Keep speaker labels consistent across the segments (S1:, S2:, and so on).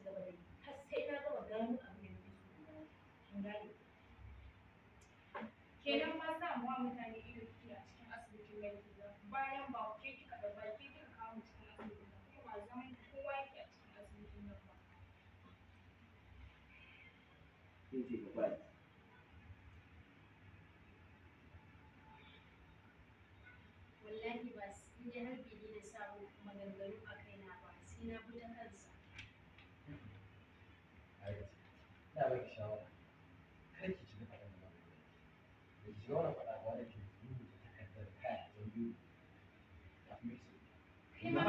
S1: ci gaba da yi har sai na gama gano abin da nake so na kin gane kenan sa mu mutane ido kike a cikin asibitin mai bayan ba ke kika da ba ke kika kawo cikin asibitin ba kuma ba zaman kowa yake a cikin asibitin nan ba ba wallahi ba sai dai har da sa maganganu a kaina ba sai na bi ta kansa baki shawara kar ki da da ki wani faɗa da ke rubuta takardar kaya don Kai ma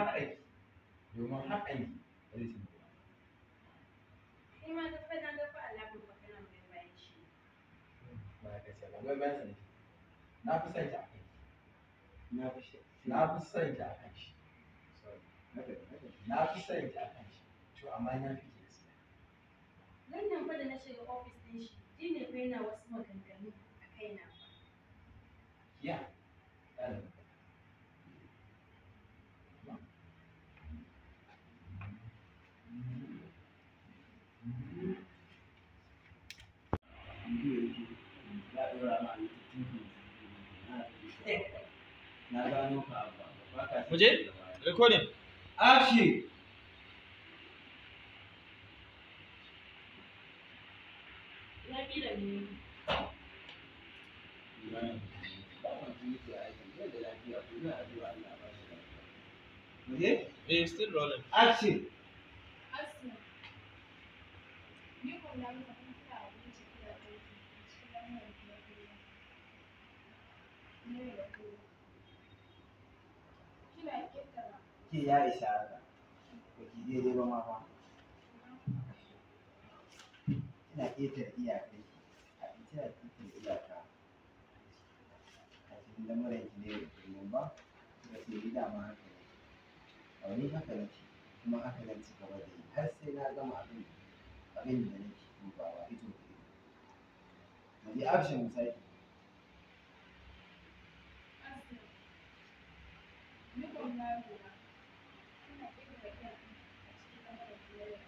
S1: duk na mai bayan shi. Ba ka Na fi son ki a kai. Na fi son ki a Na fi son ki a kan shi. To amma na fi nan nan fa da na shiga ofis din shi shi ne fa yana wasu maganganu a kaina fa ya Muje? Recording. Action. Eh, okay? ya isa ba ba ma ba. Ina ƙetare iyaka ta yaya kuke iyaka a cikin lamarin ki ne da kullum ba da ke yi dama haka ne a wani haka nake kuma haka nan ci gaba da yi har sai na gama abin abin da nake dubawa ido da ido mu je action mu sake Thank you.